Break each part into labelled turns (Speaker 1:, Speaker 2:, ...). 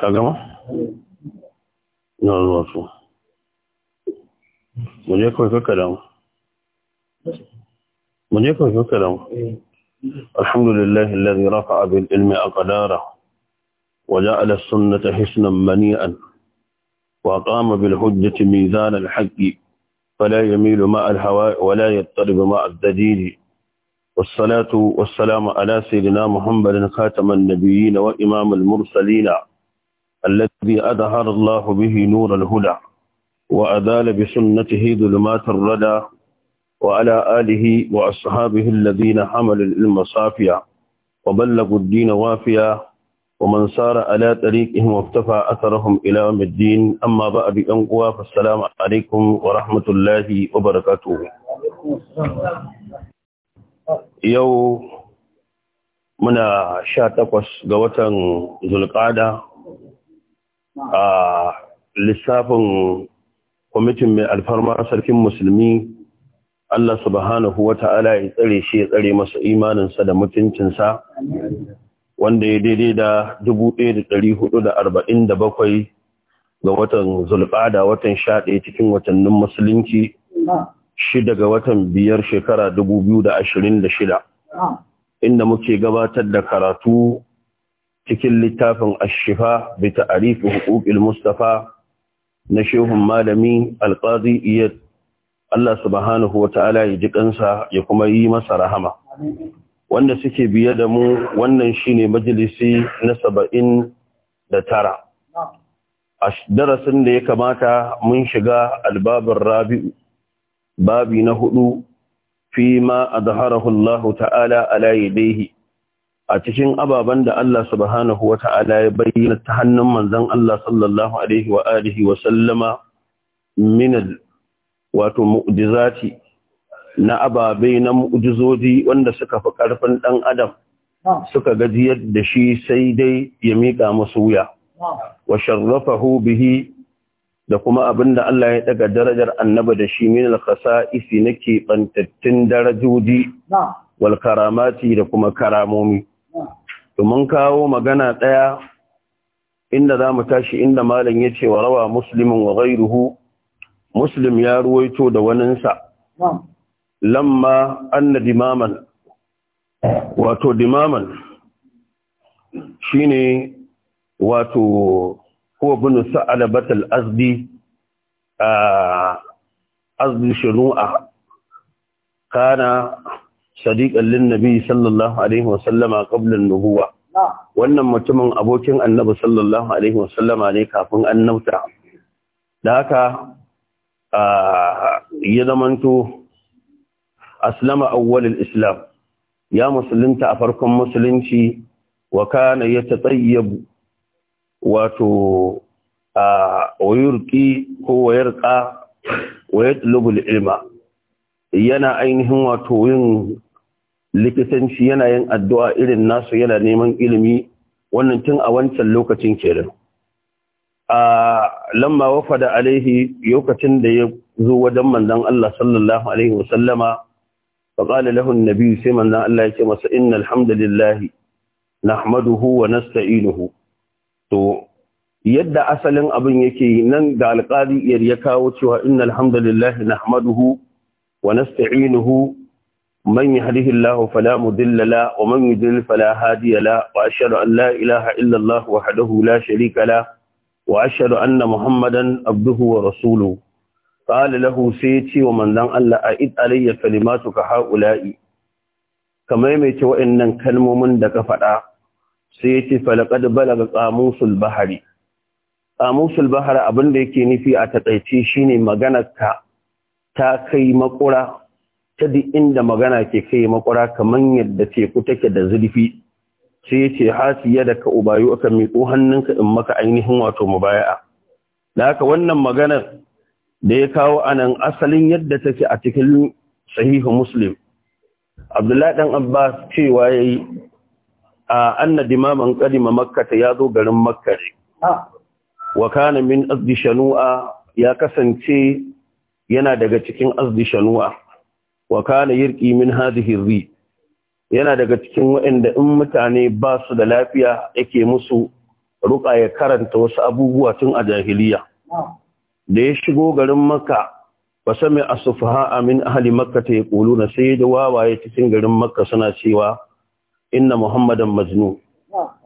Speaker 1: كاجما
Speaker 2: نعم وافو مجھے کوئی فکر کراؤں مجھے کوئی فکر الحمد لله الذي رفع بالعلم أقداره وجعل السنة حسنا منيئا وقام بالحجة ميزان الحق فلا يميل ماء الهواء ولا يضطرب ماء الدليل والصلاة والسلام على سيدنا محمد خاتم النبيين وإمام المرسلين الذي أظهر الله به نور الهدى وأذال بسنته ظلمات الردى وعلى آله وأصحابه الذين حملوا العلم صافيا وبلغوا الدين وافيا ومن سار على طريقهم وافتفى أثرهم إلى يوم الدين أما بعد أنقوا فالسلام عليكم ورحمة الله وبركاته يو muna sha takwas ga watan zulƙada a lissafin kwamitin mai alfarma sarkin musulmi Allah subhanahu wata ta'ala ya tsare shi ya tsare masa imaninsa da mutuncinsa wanda ya daidai da bakwai ga watan zulqada watan ɗaya cikin watannin musulunci shida ga watan biyar shekara da shida inda muke gabatar da karatu cikin littafin ashifa bi ta'rif huquqil mustafa na shehun malami alƙazi iya Allah subhanahu wa ta'ala ya ji ƙansa ya kuma yi masa rahama wanda suke biye da mu wannan shine majalisi na saba'in da tara a darasin da ya kamata mun shiga albabin rabi'u babi na hudu fi ma azharahu Allah ta'ala ala a cikin ababen da Allah subhanahu wa ta'ala ya bayyana ta hannun manzon Allah sallallahu alaihi wa alihi wa sallama min wato mu'jizati na ababe na mu'jizoji wanda suka fi karfin ɗan adam ah. suka gajiyar da shi sai dai ya miƙa musu wuya ah. wa sharrafahu bihi da kuma abinda Allah ya daga darajar annaba da shi min al-khasa'isi nake bantattun darajoji ah. wal karamati da kuma karamomi to kawo magana ɗaya, inda za mu tashi inda malam ya ce wa rawa muslimin wa ghayruhu muslim ya ruwaito da waninsa lamma anna dimaman wato dimaman shine wato huwa bin sa'alabat batal azdi azdi shunu'a kana sadiqan lin-nabi sallallahu alaihi wa sallama qabla an-nubuwa wannan mutumin abokin annabi sallallahu alaihi wa sallama ne kafin annabta da haka yi zamanto aslama awwalul islam ya musulunta a farkon musulunci wa kana yatatayyabu wato a wayurqi ko wayarqa wayatlubul ilma yana ainihin wato yin likitanci yana yin addu'a irin nasu yana neman ilimi wannan tun a wancan lokacin kenan a lamma wafada alaihi lokacin da ya zo wajen manzon Allah sallallahu alaihi wasallama فقال له النبي سيما الله يتمس إن الحمد لله نحمده ونستعينه to yadda asalin abin yake nan da alƙali iyar ya kawo cewa inna alhamdulillahi nahmaduhu wa nasta'inuhu man yahdihillahu fala mudilla la wa man yudlil fala hadiya la wa ashhadu an la ilaha illa allah wahdahu la sharika la wa ashhadu anna muhammadan abduhu wa rasuluhu qala lahu sai ya ce wa manzon Allah a id alayya ka haula'i kamar mai ce kalmomin da ka faɗa sai ya ce falaqad balaga qamusul bahari qamusul bahari abin da yake nufi a tatsaici shine maganar ka ta kai makura ta duk inda magana ke kai makura kamar yadda teku take da zurfi sai ya ce hasiya da ka ubayu aka miƙo hannunka in maka ainihin wato mubaya'a da haka wannan maganar da ya kawo anan asalin yadda take a cikin sahihu muslim abdullahi dan abbas cewa yayi a anna dimaman qadima makkata zo garin makka ne ah. wa kana min azdi shanu'a ya kasance yana daga cikin azdi shanu'a wa kana yirqi min hadhihi ri yana daga cikin waɗanda in mutane ba su da lafiya yake musu ruƙa ya karanta wasu abubuwa tun a jahiliya ah. da ya shigo garin makka ba sami a min ahali makka ta yaqulu na sai da wawaye cikin garin makka suna cewa inna muhammadan majnu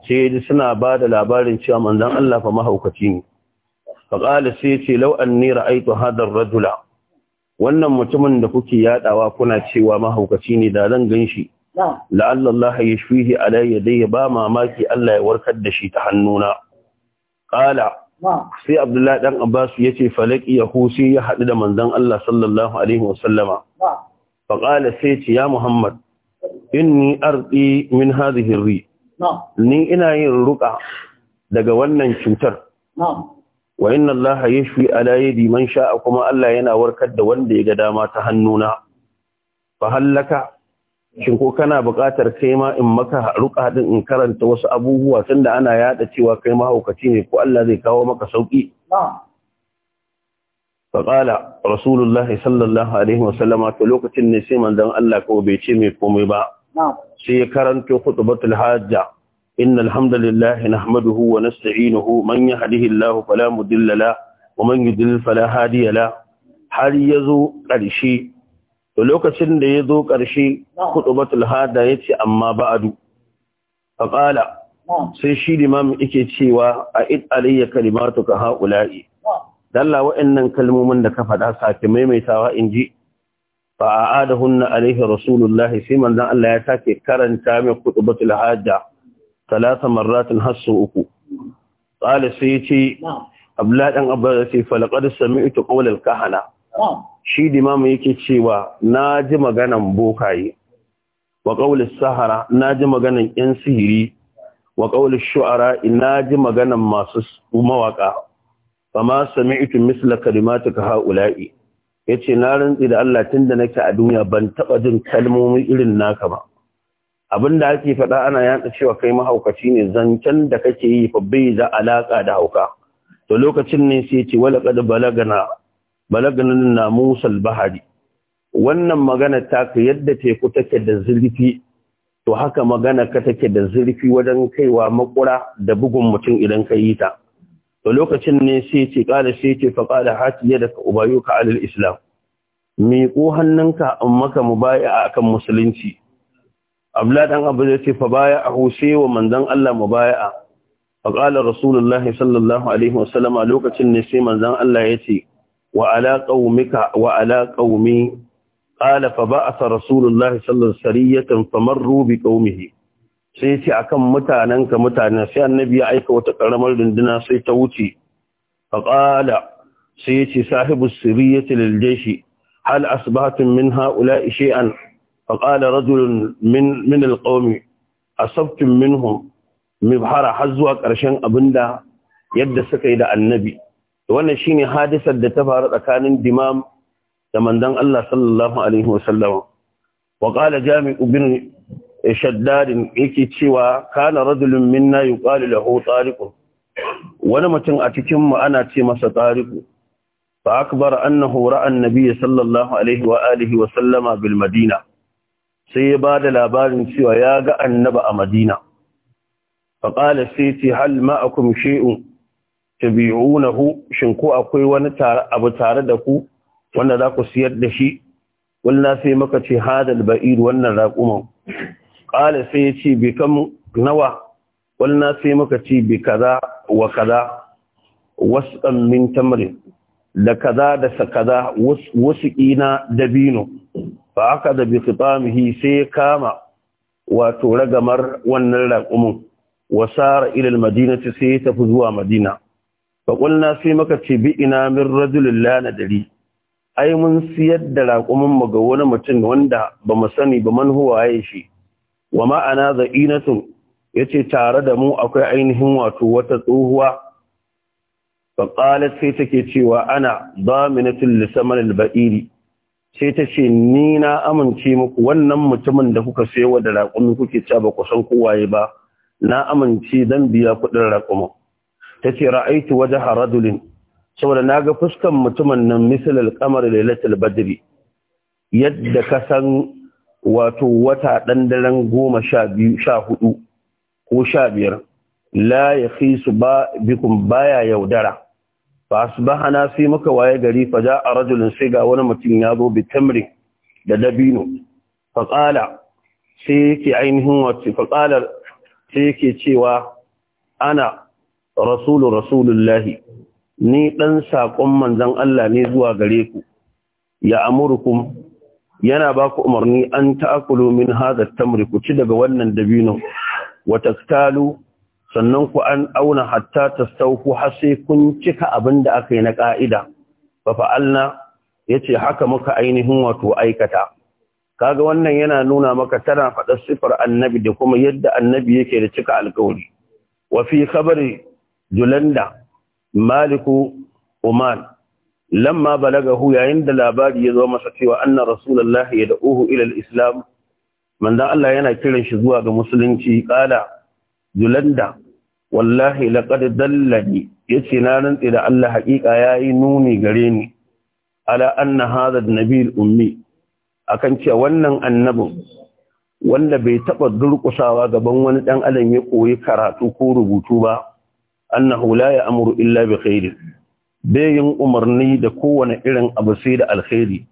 Speaker 2: sai suna ba da labarin cewa manzan Allah fa mahaukaci ne fa sai ce law anni ra'aytu hadha rajula wannan mutumin da kuke yadawa kuna cewa mahaukaci ne da zan ganshi shi Allah ya shfihi alayya dai ba mamaki Allah ya warkar da shi ta hannuna Ƙala. sai abdullahi dan abbas ya ce falaki ya sai ya haɗu da manzon Allah sallallahu alaihi wasallama fa sai ce ya muhammad inni arɗi min hadhihi ri ni ina yin ruƙa daga wannan cutar
Speaker 1: wa
Speaker 2: inna allaha shi ala yadi man sha'a kuma Allah yana warkar da wanda ya ga dama ta hannuna fa hallaka shin ko kana buƙatar kaima in maka ruka din in karanta wasu abubuwa tunda ana yaɗa cewa kai mahaukaci ne ko Allah zai kawo maka sauki faƙala rasulullahi sallallahu alaihi wasallama to lokacin ne sai manzon Allah ko bai ce mai komai ba sai ya karanto khutbatul hajja innal hamdalillahi nahmaduhu wa nasta'inuhu man yahdihillahu fala mudilla la wa man yudlil fala hadiya la har yazo ƙarshe to lokacin da ya zo ƙarshe khutbatul hada yace amma A ƙala, sai shi limamin yake cewa a id kalimatu ka haula'i dalla wa'annan kalmomin da ka faɗa sake maimaitawa a fa na alayhi rasulullahi sai manzan Allah ya sake karanta mai khutbatul hada talata marratin sau uku qala sai yace abla da ce sai falaqad sami'tu qawlal kahana shi limamu yake cewa na ji maganan bokaye wa ƙaulis sahara na ji maganan ‘yan sihiri wa ƙaulis shu'ara na ji maganan masu mawaƙa ba ma sami ikin misla kalimatuka ha'ula'i ya ce na rantsi da Allah tun da nake a duniya ban taɓa jin kalmomi irin naka ba abin da ake faɗa ana yaɗa cewa kai mahaukaci ne zancen da kake yi fa bai da alaƙa da hauka to lokacin ne sai ce wala qad balagana balaganin namusal bahari wannan magana ta ka yadda teku take da zurfi to haka magana ka take da zurfi wajen kaiwa makura da bugun mutum idan ka yi ta to lokacin ne sai ce kala sai ce fa kala hati yadda ka ubayu ka alal islam miƙo hannunka in maka mubaya akan musulunci abla dan abu zai ce fa baya a hushe wa manzon Allah mubaya'a fa qala rasulullahi sallallahu alaihi wasallam lokacin ne sai manzon Allah ya ce وعلى قومك وعلى قومي قال فبعث رسول الله صلى الله عليه وسلم فمروا بقومه sai ce akan mutanenka mutanen sai annabi ya aika wata karamar runduna sai ta wuce faqala sai ya ce sahibu sirriyati lil jayshi hal asbahtum min haula'i shay'an faqala rajulun min min al qawmi asabtum minhum mibhara har zuwa karshen abinda yadda suka yi da annabi wannan shine hadisar da ta faru tsakanin dimam da Mandan? Allah sallallahu alaihi wasallam wa qala jami' ibn shaddad yake cewa kana rajulun minna yuqalu lahu wani mutum a cikin ana ce masa tsariku. Ba akbara annahu ra'a an-nabiy sallallahu alaihi wa alihi bil madina sai ya ba da labarin cewa ya ga annaba a madina fa sai ce hal ma'akum shay'un hu! shin ko akwai wani abu tare da ku wanda za ku siyar da shi na sai maka ce hadal ba'ir wannan raquman qala sai ya ce bi kam nawa na sai maka ce bi kaza wa kaza wasu min tamrin da kaza da kaza wasu ƙina dabino ba aka da bikitamihi sai ya kama wato ragamar wannan raƙumin wasara ilil madinati sai ya tafi zuwa madina faƙulna sai maka ce bi ina min rajulun lana dari ai mun siyar da raƙumin mu ga wani mutum wanda ba mu sani ba man huwa ya shi wa ma'ana za'inatun ya ce tare da mu akwai ainihin wato wata tsohuwa ƙala sai take cewa ana zaminatun lissamar ba'iri sai ta ce ni na amince muku wannan mutumin da kuka sayo da raƙumin kuke ca ba ku san kowaye ba na amince zan biya kuɗin raƙumin ta ce ra'aitu waje haradulin saboda na ga fuskan mutumin nan misalar kamar lailatul badri yadda ka san wato wata ɗandaren goma sha biyu sha hudu ko sha biyar la ya fi su ba bikun baya yaudara ba su ba hana sai muka waye gari fa za a rajulin sai ga wani mutum ya zo bitamri da dabino faƙala sai yake ainihin sai yake cewa ana rasulu rasulullahi ni dan sakon manzon Allah ne zuwa gare ku ya amurkum yana ba ku umarni an ta'akulu min hadha tamri ku ci daga wannan dabino wa taktalu sannan ku an auna hatta tastawfu har sai kun cika abinda aka yi na ka'ida fa fa'alna yace haka muka ainihin wato aikata kaga wannan yana nuna maka tana faɗar siffar annabi da kuma yadda annabi yake da cika alƙawari wa fi khabari julanda maliku uman lamma balagahu yayin da labari ya zo masa cewa anna rasulullahi ya da'uhu ila al-islam manzon Allah yana kiran shi zuwa ga musulunci kala julanda wallahi laqad dallani yace na rantsi da Allah haƙiƙa yayi nuni gare ni ala anna hadha an-nabiy ummi akan cewa wannan annabin wanda bai taba durƙusawa gaban wani dan adam ya koyi karatu ko rubutu ba annahu la ya'muru illa bi khairin bai yin umarni da kowane irin abu sai da alkhairi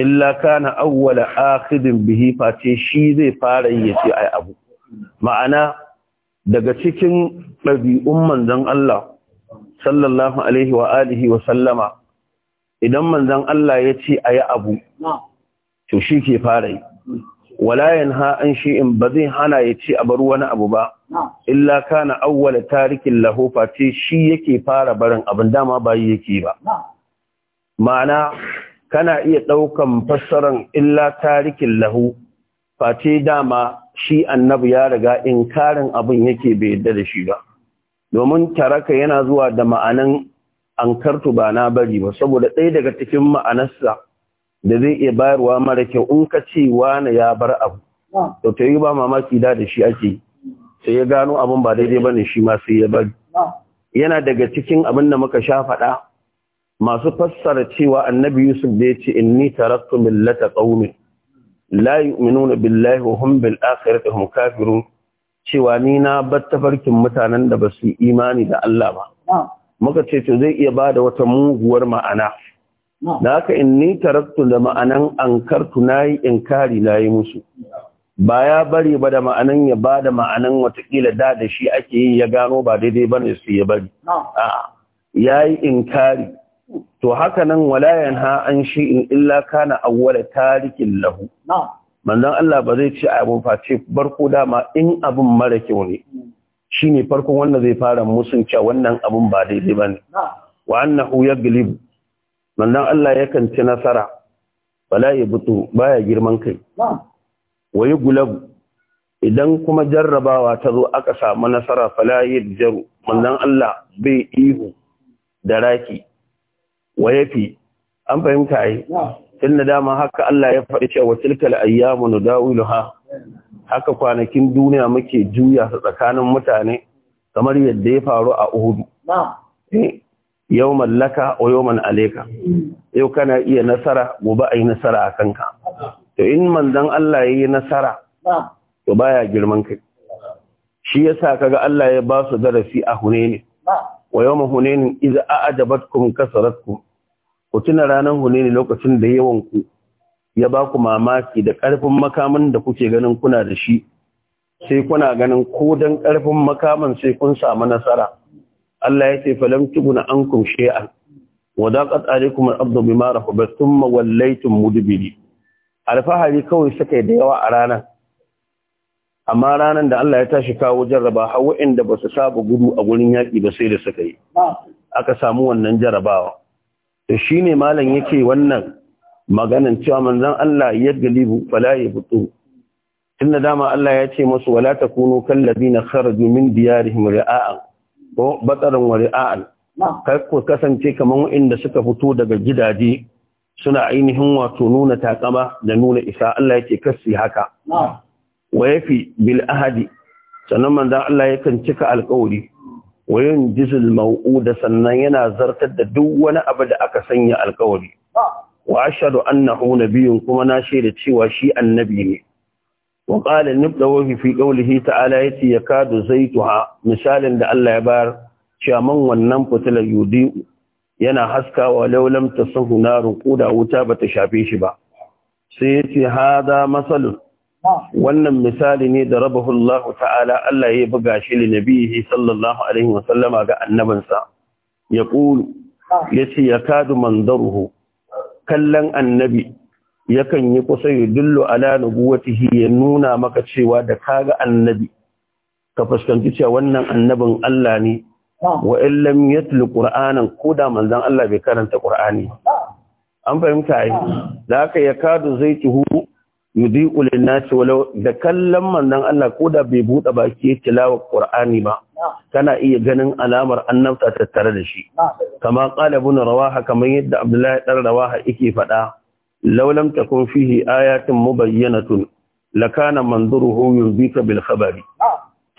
Speaker 2: illa kana awwala akhidin bihi face shi zai fara yi yace ai abu ma'ana daga cikin ɗabi'un manzon Allah sallallahu alaihi wa alihi wa sallama idan manzon Allah ya ce ayi abu to shi ke fara yi wala yanha an shi'in ba zai hana ya ci a bar wani abu ba illa kana awwala tarikin lahu face shi yake fara barin abin dama bayi yake ba ma'ana kana iya daukan fassaran illa tarikin lahu face dama shi annabi ya riga inkarin abin yake bai yadda da shi ba domin taraka yana zuwa da ma'anan ankartu ba na bari ba saboda ɗaya daga cikin ma'anarsa da zai iya bayarwa mara kyau in ka ce wani ya bar abu to ta ba mamaki da da shi ake yi sai ya gano abin ba daidai ba ne shi ma sai ya bari yana daga cikin abin da muka sha faɗa masu fassara cewa annabi yusuf da ya ce inni taraktu millata qaumin la yu'minuna billahi wa hum bil akhirati hum kafirun cewa ni na bar tafarkin mutanen da basu su imani da Allah ba muka ce to zai iya ba da wata muguwar ma'ana da haka inni taraktu da ma'anan ankartu nayi inkari nayi musu ba ya bari ba da ma'anin ya ba da ma'anan watakila da da shi ake yi ya gano ba daidai ba ne su ya bari a ya yi inkari to haka nan walayan ha an shi in illa kana awwala tarikin lahu manzon Allah ba zai ce abu face barko dama in abin mara kyau ne Shi ne farkon wanda zai fara musun cewa wannan abin ba daidai ba ne. wa annahu gilibu. manzon Allah yakan ci nasara wala ba baya girman kai wayi gulabu idan kuma jarrabawa ta zo aka samu nasara falayir jaru manzan Allah bai ihu da raki waye fi an fahimta yi tun da dama haka Allah ya faɗi cewa tilkal ayyamu ha, haka kwanakin duniya muke juya su tsakanin mutane kamar yadda ya faru a Uhud eh, yau mallaka o yau man aleka yau kana iya nasara gobe ayi nasara a kanka to in manzon Allah yayi nasara to baya girman kai shi yasa kaga Allah ya ba su darasi a Hunaini wa yawm Hunainin idza a'jabatkum kasaratkum ku tuna ranar Hunaini lokacin da yawan ku ya ba ku mamaki da karfin makamin da kuke ganin kuna da shi sai kuna ganin ko dan karfin makaman sai kun samu nasara Allah ya ce falam tubuna ankum shay'an wa daqat alaykum al-ardu bima rahabtum wa wallaytum mudbirin alfahari kawai suka yi da yawa a ranar amma ranar da Allah ya tashi kawo jarraba har wa'inda ba su saba gudu a gurin yaƙi ba sai da suka yi aka samu wannan jarrabawa shi ne malam yake wannan maganan cewa manzan Allah ya galibu fala ya butu inda dama Allah ya ce masu wala takunu kallazina kharaju min diyarihim ri'a'an ko bataran wa ri'a'an ku kasance kamar waɗanda suka fito daga gidaje suna ainihin wato nuna takama da nuna isa Allah yake kassi haka wa yafi bil ahadi sannan manzon Allah yakan cika alƙawari wa yunjizul mau'uda sannan yana zartar da duk wani abu da aka sanya alƙawari wa ashhadu annahu nabiyyun kuma na shaida cewa shi annabi ne wa qala nibdawu fi qawlihi ta'ala yati yakadu zaituha misalin da Allah ya bayar cewa man wannan fitilar yudi'u yana haskawa laulam ta sahu ƙuda wuta ba ta shafe shi ba sai ya ce hada masalun wannan misali ne da Allah ta'ala Allah ya buga shi li nabihi sallallahu alaihi sallama, ga annabinsa ya ƙulu ya ce ya kadu manzaruhu kallon annabi yakan yi kusa ya dullu ala nubuwatihi ya nuna maka cewa da kaga annabi ka fuskanci cewa wannan annabin Allah ne wa illam yatlu qur'anan koda manzon Allah bai karanta qur'ani an fahimta ai da haka ya kadu zaituhu yudhi'u lin-nas walau da kallon manzon Allah koda bai bude baki ya tilawa qur'ani ba kana iya ganin alamar annabta tattare da shi kama qala ibn rawaha kamar yadda abdullahi Ɗan rawaha yake fada law lam takun fihi ayatun mubayyanatun lakana manzuruhu yudhika bil khabari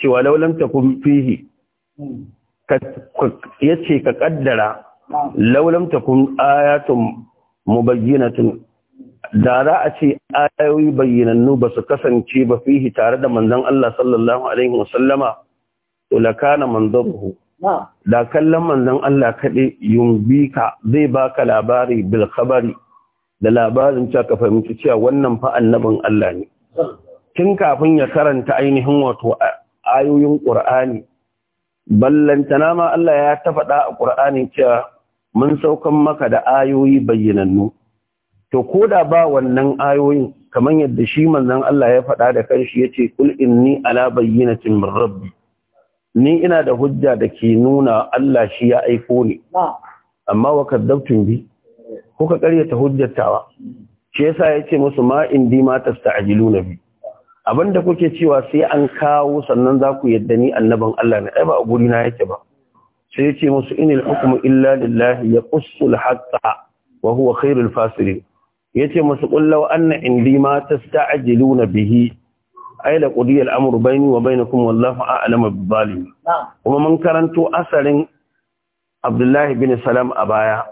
Speaker 2: cewa law lam takun fihi hmm. ya ce ka kaddara laulam ta kun ayatun mubayyinatun da za a ce ayoyi bayyanannu ba su kasance ba fihi tare da manzon Allah sallallahu alaihi wasallama to manzuruhu da kallon manzon Allah kaɗai yumbika zai baka labari bil khabari da labarin cewa ka fahimci cewa wannan fa annabin Allah ne tun kafin ya karanta ainihin wato ayoyin Qur'ani ballantana ma Allah ya ta faɗa a ƙur'anin cewa mun saukan maka da ayoyi bayyanannu to ko da ba wannan ayoyin kamar yadda shi manzan Allah ya faɗa da kanshi ce kul ni ala bayyinatin min rabbi ni ina da hujja da ke nuna Allah shi ya aiko ni amma wa kadzabtum bi kuka ƙaryata hujjatawa shi yasa ya ma'in musu ma indi ma na bi abinda kuke cewa sai an kawo sannan za ku yadda ni annaban Allah ne ai ba a guri na yake ba sai yace musu inil hukmu illa lillahi yaqussu al-haqqa wa huwa khairul fasirin yace musu qul law anna indi ma tasta'jiluna bihi ai la qudiya al-amru bayni wa bainakum wallahu a'lamu bi-dhalim kuma mun karanto asarin Abdullahi bin Salam a baya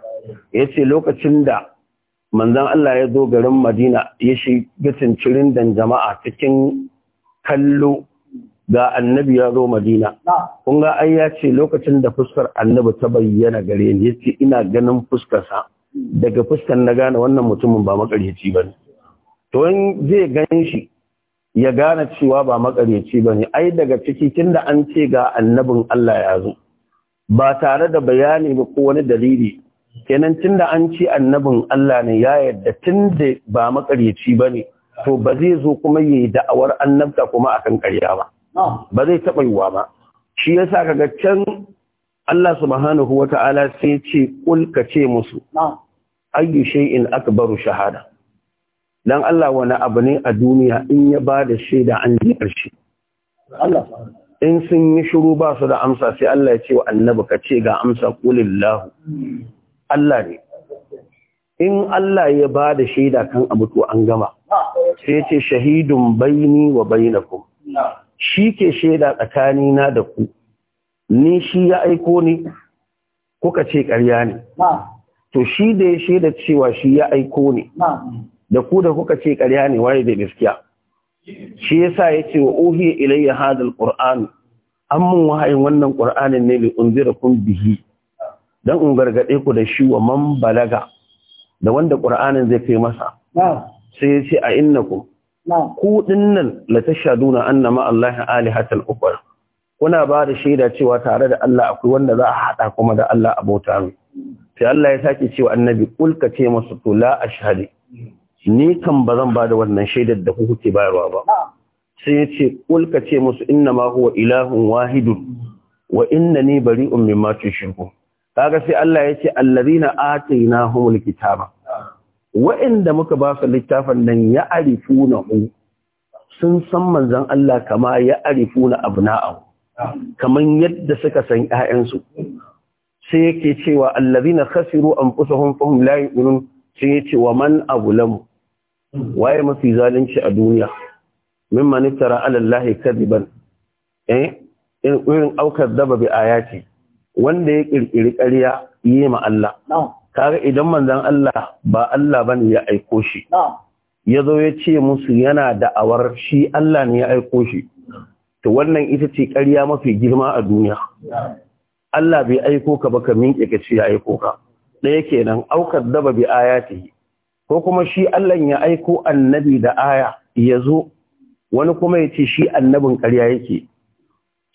Speaker 2: yace lokacin da manzan Allah ya zo garin Madina ya shiga cincirin dan jama'a cikin kallo ga annabi ya zo Madina. Kun ga ai ya ce lokacin da fuskar annabi ta bayyana gare ni ya ce ina ganin fuskarsa daga fuskar na gane wannan mutumin ba makaryaci ba ne. To in zai gan shi ya gane cewa ba makaryaci ba ne ai daga ciki da an ce ga annabin Allah ya zo ba tare da bayani ba ko wani dalili kenan tun da an ci annabin Allah ne ya yarda da ba makaryaci ne, to ba zai zo kuma yi da'awar annabta kuma akan ƙarya ba ba zai taɓa yiwa ba shi yasa kaga can Allah subhanahu Ta'ala sai ce kul ka ce musu ayyu shay'in akbaru shahada dan Allah wani abu ne a duniya in ya ba da shaida an ji ƙarshe in sun yi shiru ba su da amsa sai Allah ya ce wa annabi ka ce ga amsa kulillahu hmm. Allah ne in Allah ya ba da shaida kan a to an gama sai ce shahidun baini wa bainakum shi ke shaida tsakani na da ku ni shi ya aiko ni kuka ce ƙarya ne to shi da ya shaida cewa shi ya aiko ne da ku da kuka ce ƙarya ne waye da gaskiya shi ya sa ya ce wa ohi ilayya hadal An mun wahayin wannan qur'anin ne li kun bihi dan in gargade ku da shi wa man balaga da wanda qur'anin zai kai masa sai ya ce a innakum ku dinnan la tashaduna anna ma allahi alihatan ukhra kuna ba da shaida cewa tare da Allah akwai wanda za a hada kuma da Allah abota ne sai Allah ya saki cewa annabi kul ka ce masa to la ashhadu ni kan bazan ba da wannan shaidar da ku kuke bayarwa ba sai ya ce kul ka ce masa inna ma huwa ilahun wahidun wa innani bari'un mimma tushriku kaga sai Allah ya ce allazina atainahumul kitaba wa'inda muka ba su littafin nan ya arifuna sun san manzon Allah kama ya arifuna abna'ahu kaman yadda suka san 'ya'yansu. sai yake cewa allazina khasiru anfusahum fahum la yu'minun sai yace wa man abulamu waye mafi zalunci a duniya mimman iftara ala allahi kadiban eh irin aukar daba bi ayati wanda ya ƙirƙiri ƙarya yi ma Allah kaga idan manzan Allah ba Allah bane ya aiko shi ya zo ya ce musu yana da da'awar shi Allah ne ya aiko shi to wannan ita ce ƙarya mafi girma a duniya Allah bai aiko ka ba ka minke ka ce ya aiko ka ɗaya kenan aukar daba bi yi. ko kuma shi Allah ya aiko annabi da aya ya zo wani kuma ya ce shi annabin ƙarya yake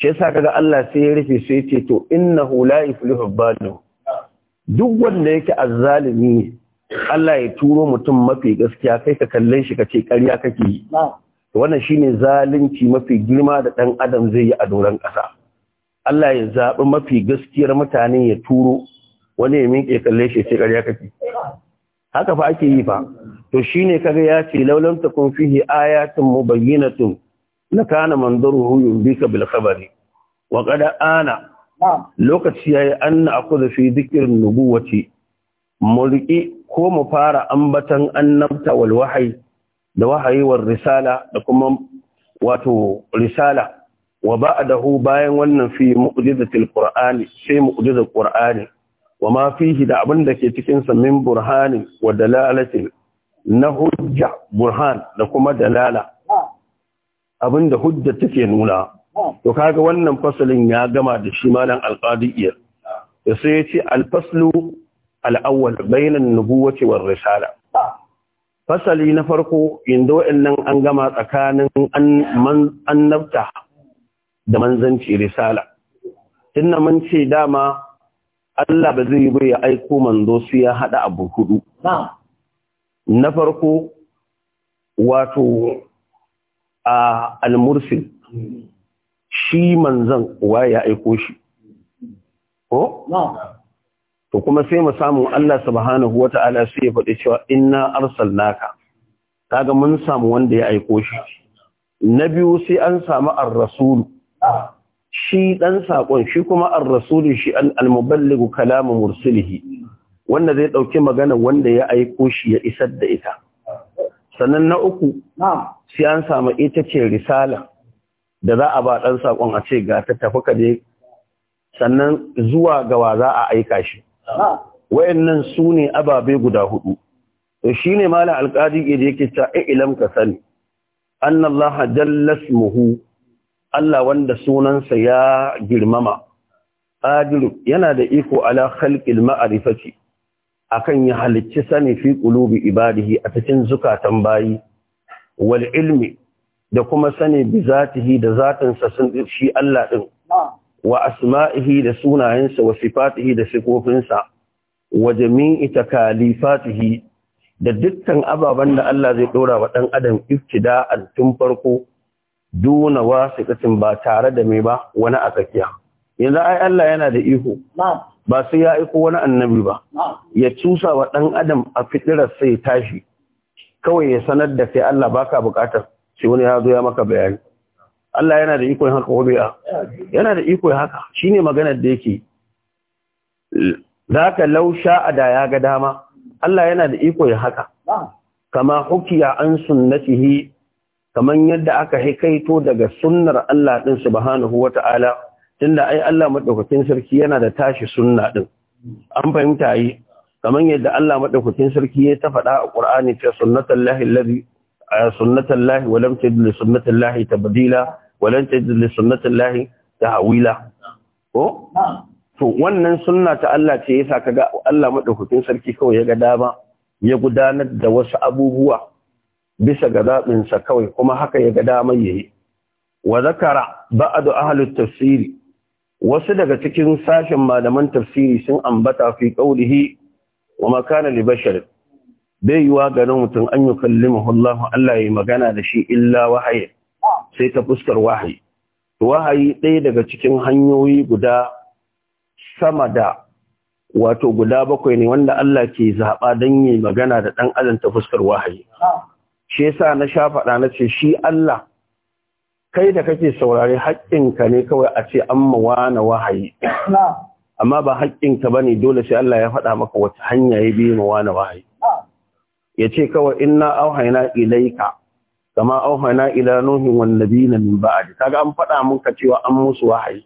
Speaker 2: shi yasa kaga Allah sai ya rufe sai ce to innahu la yuflihu zalim duk wanda yake azzalimi Allah ya turo mutum mafi gaskiya kai ka kallon shi kace ƙarya kake yi wannan shine zalunci mafi girma da dan adam zai yi a doron ƙasa Allah ya zaɓi mafi gaskiyar mutane ya turo wani ya miƙe kalle shi ce ƙarya kake haka fa ake yi fa to shine kaga ya ce laulam takun fihi ayatun mubayyinatun لكان منظره ينبيك bilkabari. وقد آنا lokaci ya yi an na akuda fi zikirin nubuwaci muriki ko mu fara ambatan annabta wal risala da kuma wato risala wa ba dahu bayan wannan fi mu'jizatil qur'ani sai mu'jizar qur'ani wa ma fihi da abinda ke cikin sa burhani wa dalalatin na hujja burhan da kuma dalala Abin da hudda take nuna to kaga wannan fasalin ya gama da shi malam alqadiyya da sai ya ce alfaslu al'awwal bainan nubuwati war risala fasali na farko inda wa'annan an gama tsakanin annabta da manzanci risala inna mun ce dama Allah ba zai bai ya aiko manzo su ya hada abu hudu na farko wato a al shi manzan uwa ya aiko shi ko to kuma sai mu samu Allah subhanahu wata'ala sai ya faɗi cewa inna arsalnaka kaga mun samu wanda ya aiko shi na biyu sai an samu ar-rasul shi dan sakon shi kuma ar-rasul shi al-muballighu kalamu mursilihi wanda zai dauki magana wanda ya aiko shi ya isar da ita sannan na uku sai an samu ita ce risala da za a ba ɗan saƙon a ce ga ta tafi ka sannan zuwa ga wa za a aika shi wayannan su ne ababe guda hudu to shine malam alƙadi yake ta ilam ka sani annallaha jallas muhu. Allah wanda sunansa ya girmama, Adiru yana da iko ala khalqil ma'arifati akan ya halicci sani fi qulubi ibadihi a cikin zukatan bayi wal ilmi da kuma sani bi zatihi da zatinsa sun shi Allah ɗin? wa asma'ihi da sunayensa wa sifatihi da sifofinsa wa jami'i takalifatihi da dukkan ababen da Allah zai dora wa ɗan adam ibtida'an tun farko duna wasiqatin ba tare da mai ba wani a tsakiya yanzu ai Allah yana da iko ba sai ya aiko wani annabi ba ah. ya cusa wa ɗan adam a fitirar sai tashi kawai ya sanar da kai Allah baka bukatar sai wani ya zo ya maka bayani Allah yana da ikon haka wabi'a yana da ikon haka shine maganar da yake zaka lausha a da ya ga dama Allah yana da ikon haka ah. kama hukiya an sunnatihi kaman yadda aka hikaito daga sunnar Allah din subhanahu wata'ala tunda ai Allah madaukakin sarki yana da tashi sunna din an fahimta yi kamar yadda Allah madaukakin sarki ya ta faɗa a Qur'ani cewa sunnatul lahi allazi sunnatul lahi wa lam tajid li sunnatul lahi tabdila wa lam tajid li sunnatul lahi tahwila ko to wannan sunna ta Allah ce yasa kaga Allah madaukakin sarki kawai ya ga dama ya gudanar da wasu abubuwa bisa ga zaɓinsa kawai kuma haka ya ga damar yayi wa zakara ba'adu ahlut tafsiri wasu daga cikin sashen malaman tafsiri sun ambata fi qaulihi wa makana li bashar bai yiwa garin mutum an yukallimahu Allah Allah ya magana da shi illa wahayi sai ta fuskar wahayi wahayi ɗaya daga cikin hanyoyi guda sama da wato guda bakwai ne wanda Allah ke zaɓa don yi magana da ɗan adam ta fuskar wahayi. Shi yasa na sha faɗa na ce shi Allah kai da kake saurare ka ne kawai a ce an wani wahayi amma ba haƙƙinka ba ne dole sai Allah ya faɗa maka wata hanya ya biyu wani wahayi ya ce kawai inna auhaina ilaika kama auhaina ila nuhin wan nabiyina min ba'di kaga an faɗa maka cewa an musu wahayi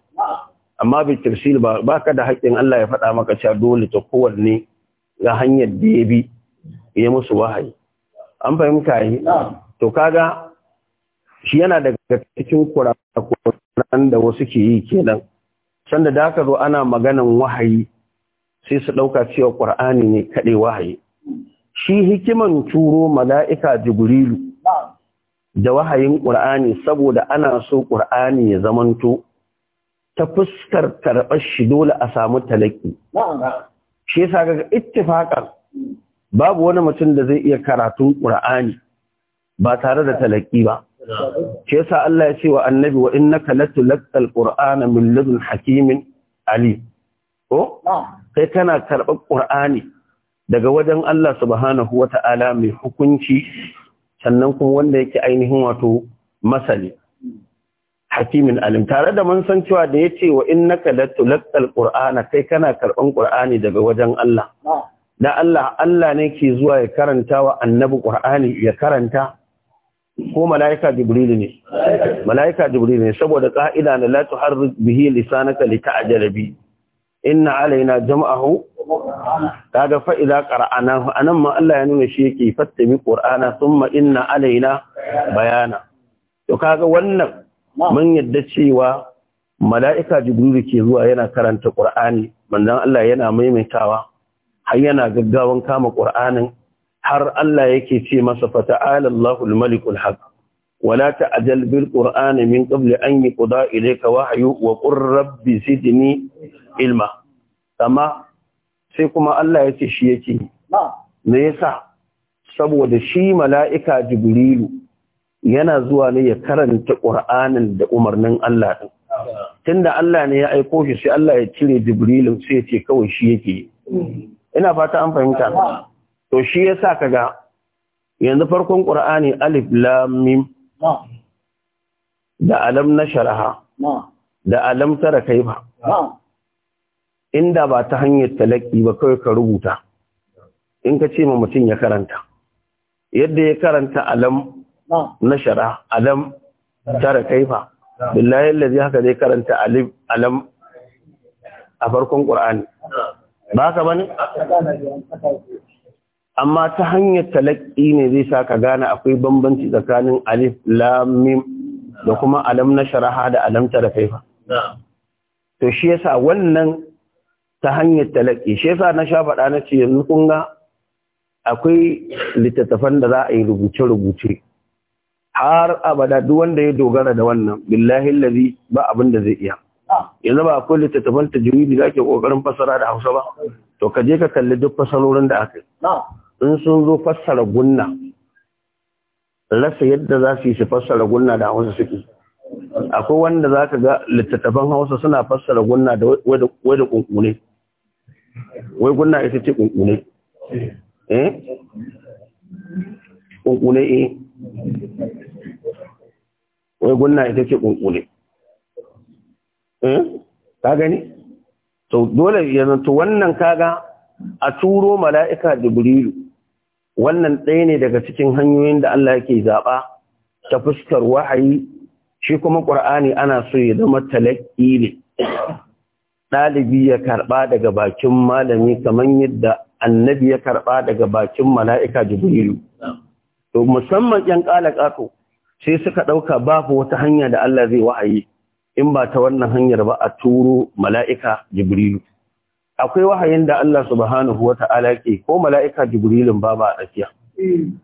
Speaker 2: amma bi tafsil ba baka da haƙƙin Allah ya faɗa maka cewa dole ta kowanne ga hanyar da ya bi ya musu wahayi an fahimta yi to kaga shi yana daga cikin kurakuran da wasu ke yi kenan sanda da aka zo ana maganan wahayi sai su ɗauka cewa Kur'ani ne kaɗai wahayi shi hikiman turo mala'ika jibrilu da wahayin ƙur'ani saboda ana so ƙur'ani ya zamanto ta fuskar karɓar shi dole a samu talaki shi yasa ga ittifaqan babu wani mutum da zai iya karatun ƙur'ani ba tare da talaki ba Ke yasa Allah ya ce wa annabi wa innaka latulqal qur'ana min ladun hakimin ali Ko? Kai kana karɓar Qur'ani daga wajen Allah subhanahu wata'ala mai hukunci sannan kuma wanda yake ainihin wato masali. hakimin alim tare da mun san cewa da yace wa innaka latulqal qur'ana kai kana karban qur'ani daga wajen Allah da Allah Allah ne ke zuwa ya karanta wa annabi qur'ani ya karanta ko mala'ika jibril ne mala'ika jibril ne saboda ka'ida na la tuharrik bihi lisanaka lita'jala bi inna alaina jam'ahu kaga fa idza qara'ana anan ma Allah ya nuna shi yake fattami qur'ana thumma inna alaina bayana to kaga wannan mun yadda cewa mala'ika jibril ke zuwa yana karanta qur'ani manzon Allah yana maimaitawa har yana gaggawan kama qur'anin har Allah yake ce masa fata'ala Allahul malikul haq wala ta'jal bil qur'ani min qabli an yuqda ilayka wahyu wa qur rabbi zidni ilma amma sai kuma Allah yace shi yake me yasa saboda shi mala'ika jibrilu yana zuwa ne ya karanta qur'anin da umarnin Allah din tunda Allah ne ya aiko shi sai Allah ya cire jibrilin sai ya ce kawai shi yake ina fata an fahimta to shi yasa kaga yanzu farkon qur'ani alif lam mim da alam nasharaha da alam tara ba inda ba ta hanyar talaki ba kawai ka rubuta in ka ce ma mutum ya karanta yadda ya karanta alam nashara alam tara ba billahi allazi haka zai karanta alif alam a farkon qur'ani ba ka bane amma ta hanyar talaƙi ne zai sa ka gane akwai bambanci tsakanin alif lamim da kuma alam na sharaha da alam tarfaifa to shi yasa wannan ta hanyar talaƙi, shi yasa na sha faɗa na ce yanzu kun ga akwai littattafan da za a yi rubuce-rubuce har abada duk wanda ya dogara da wannan billahi allazi ba abin da zai iya yanzu ba akwai littattafan jirgin da ake ƙoƙarin fasara da Hausa ba to ka je ka kalli duk fasarorin da aka yi in sun zo fassara gunna rasa yadda za su yi su fassara gunna da hausa suke akwai wanda za ka ga littattafan hausa suna fassara gunna da wai da kunkune wai gunna ita ce kunkune eh kunkune e? Eh. wai gunna ita ce kunkune eh ka gani to dole yanzu to wannan kaga a turo mala'ika da buriru wannan ɗaya ne daga cikin hanyoyin da Allah yake zaɓa ta fuskar wahayi shi kuma ƙur'ani ana so ya zama talaƙi ne ɗalibi ya karɓa daga bakin malami kamar yadda annabi ya karɓa daga bakin mala'ika jibrilu to musamman ƙala ƙato sai suka ɗauka babu wata hanya da Allah zai wahayi in ba ta wannan hanyar ba a turo mala'ika jibrilu akwai wahayin da Allah subhanahu wa ta'ala ke ko mala'ika jibrilin ba ba a tsakiya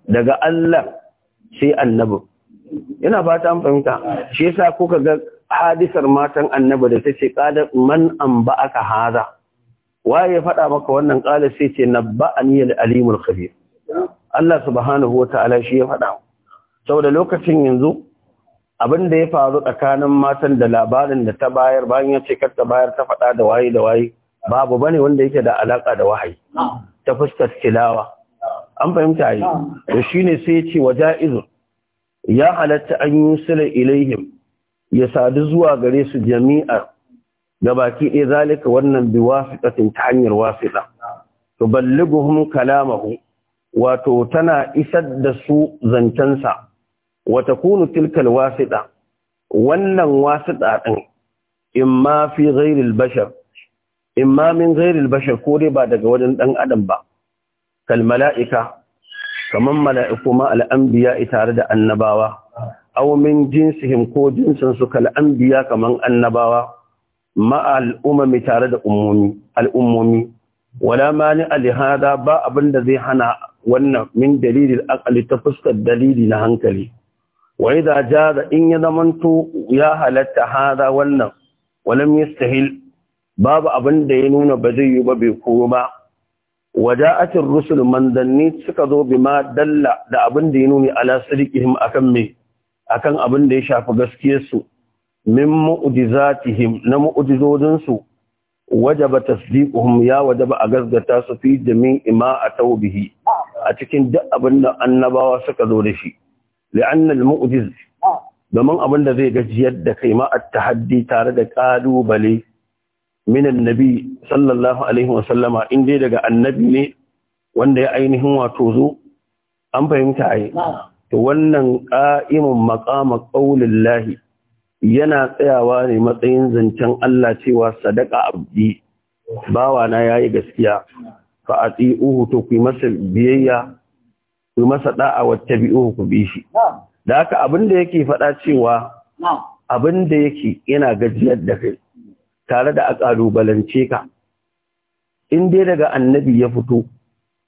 Speaker 2: daga Allah sai annabi yana ba ta amfanta, shi yasa kuka ga hadisar matan annabi da tace qala man an ba aka haza. waye ya faɗa maka wannan qala sai ce nabba'ani al-alimul khabir Allah subhanahu wa ta'ala shi ya faɗa saboda lokacin yanzu abin da ya faru tsakanin matan da labarin da ta bayar bayan ya ce kar ta bayar ta faɗa da waye da waye babu bane wanda yake da alaka da wahayi ta fuskar tilawa an fahimta yi to shine sai ya ce waja'izun ya halatta an yi yusila ilaihim ya sadu zuwa gare su jami'a ga baki ɗaya zalika wannan bi wasiqatin ta hanyar wasiqa to ballighuhum kalamahu wato tana isar da su zancensa wa takunu tilka alwasiqa wannan wasiqa din imma fi ghairi bashar? imma min ghairil bashar ko dai ba daga wajen ɗan adam ba kal mala'ika kaman mala'iku ma al tare da annabawa aw min jinsihim ko jinsinsu su kal anbiya kaman annabawa ma al tare da al'ummomi. wala mani al ba abinda zai hana wannan min dalilil aqli ta fuskar dalili na hankali wa idza jaza in ya zamanto ya halatta hada wannan walam yastahil babu abin da ya nuna ba zai yi ba bai koyo ba waja'atir rusul mandanni suka zo ma dalla da abin da ya nuni ala akan me akan abin da ya shafi gaskiyar su min mu'jizatihim na mu'udizodinsu waje ba tasdiquhum ya wajaba a gazgata su fi jami'i ima a bihi a cikin duk abin da annabawa suka zo da shi li'anna al-mu'jiz domin abin da zai gajiyar da kai ma at-tahaddi tare da kalubale min annabi sallallahu alaihi wa sallama in dai daga annabi ne wanda ya ainihin wato zo an fahimta ai to wannan qa'imun maqama qaulillahi yana tsayawa ne matsayin zancen Allah cewa sadaka abdi bawa na yayi gaskiya fa ati'uhu to ku masa biyayya ku masa da'a wa tabi'uhu ku bi shi da haka abin da yake faɗa cewa abin da yake yana gajiyar da kai tare da a ƙalubalance ka in dai daga annabi ya fito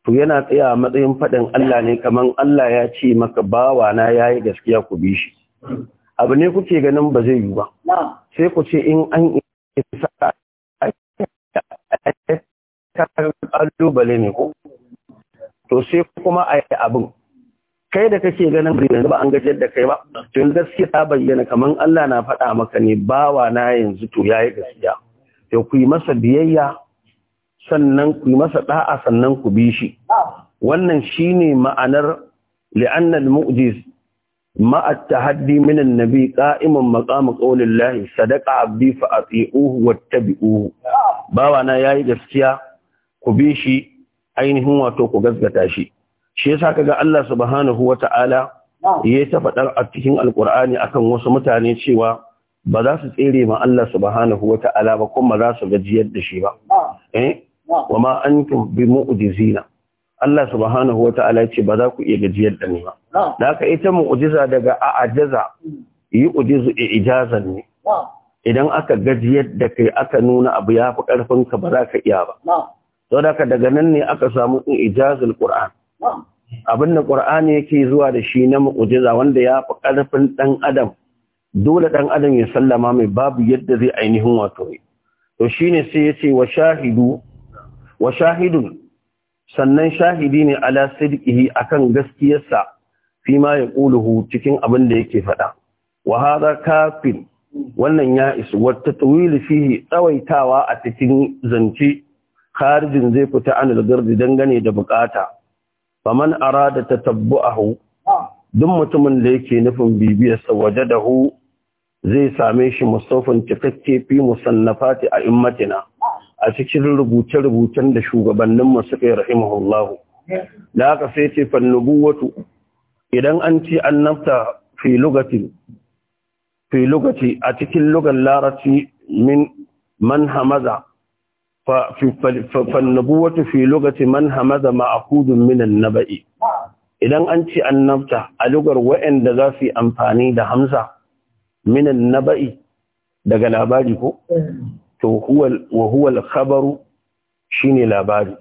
Speaker 2: to yana tsaya a matsayin faɗin Allah ne kamar Allah ya ce maka bawa na yayi gaskiya ku bi shi abu ne kuke ganin ba zai yi ba sai ku ce in an isa kalubale ne ko to sai kuma a yi abin kai da kake ganin bai yanzu ba an gajiyar da kai ba to gaskiya ta bayyana kamar Allah na faɗa maka ne bawa na yanzu to yayi gaskiya to ku yi masa biyayya sannan ku yi masa da'a sannan ku bi shi wannan shine ma'anar li'anna al-mu'jiz مع التحدي من النبي قائما مقام قول الله صدق عبدي فاطيعوه واتبعوه باوانا yayi gaskiya ku bi shi ainihin wato ku gaskata shi shi yasa kaga Allah subhanahu wata'ala ya ta faɗar a cikin alkur'ani akan wasu mutane cewa ba za su tsere ma Allah subhanahu wata'ala ba kuma za su gajiyar da shi ba eh wa ma antum bi mu'jizina Allah subhanahu wata'ala ya ce ba za ku iya gajiyar da ni ba da haka ita mu'jiza daga a'ajaza yi ujizu ijazan ne idan aka gajiyar da kai aka nuna abu ya fi ƙarfinka ba za ka iya ba. Sau daga nan ne aka samu in ijazul Qur'an. abin da ƙur'ani yake zuwa da shi na mu'ujiza wanda ya fi ƙarfin ɗan adam dole ɗan adam ya sallama mai babu yadda zai ainihin wato yi to shi ne sai ya ce wa shahidu sannan shahidi ne ala sidqihi akan gaskiyarsa fi ma ya ƙuluhu cikin abin da yake faɗa wa kafin wannan ya isu wata tawili fihi tsawaitawa a cikin zance kharijin zai fita an gardi dangane da bukata faman arada tatabbu'ahu duk mutumin da yake nufin bibiyar sa hu zai same shi musafin cikakke fi musannafati a immatina a cikin rubuce-rubucen da shugabannin masu suka yi rahimahullahu da haka sai ce wato idan an ce an nafta fi lugati a cikin lugar larabci min man hamaza فالنبوة في لغة من همز مأخوذ من النبأ idan an ce annabta a lugar waɗanda za su yi amfani da hamza minan naba'i daga labari ko to wa huwal khabaru shine labari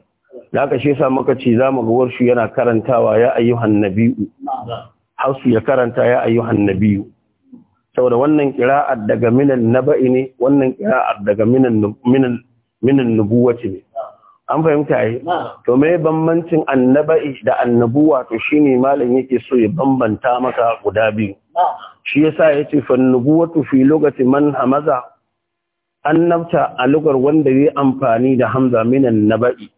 Speaker 2: da aka shi yasa muka ce zamu ga warshi yana karantawa ya ayyuhan nabiyyu hausu ya karanta ya ayyuhan nabiyyu saboda wannan qira'at daga minan naba'i ne wannan qira'at daga minan minan minin nubuwati ne an fahimta yi to me bambancin annaba'i da annabuwa to shine malam yake so ya bambanta maka guda biyu shi ya yace fa nubuwatu fi lugati man hamaza annabta a lugar wanda yi amfani da hamza minan naba'i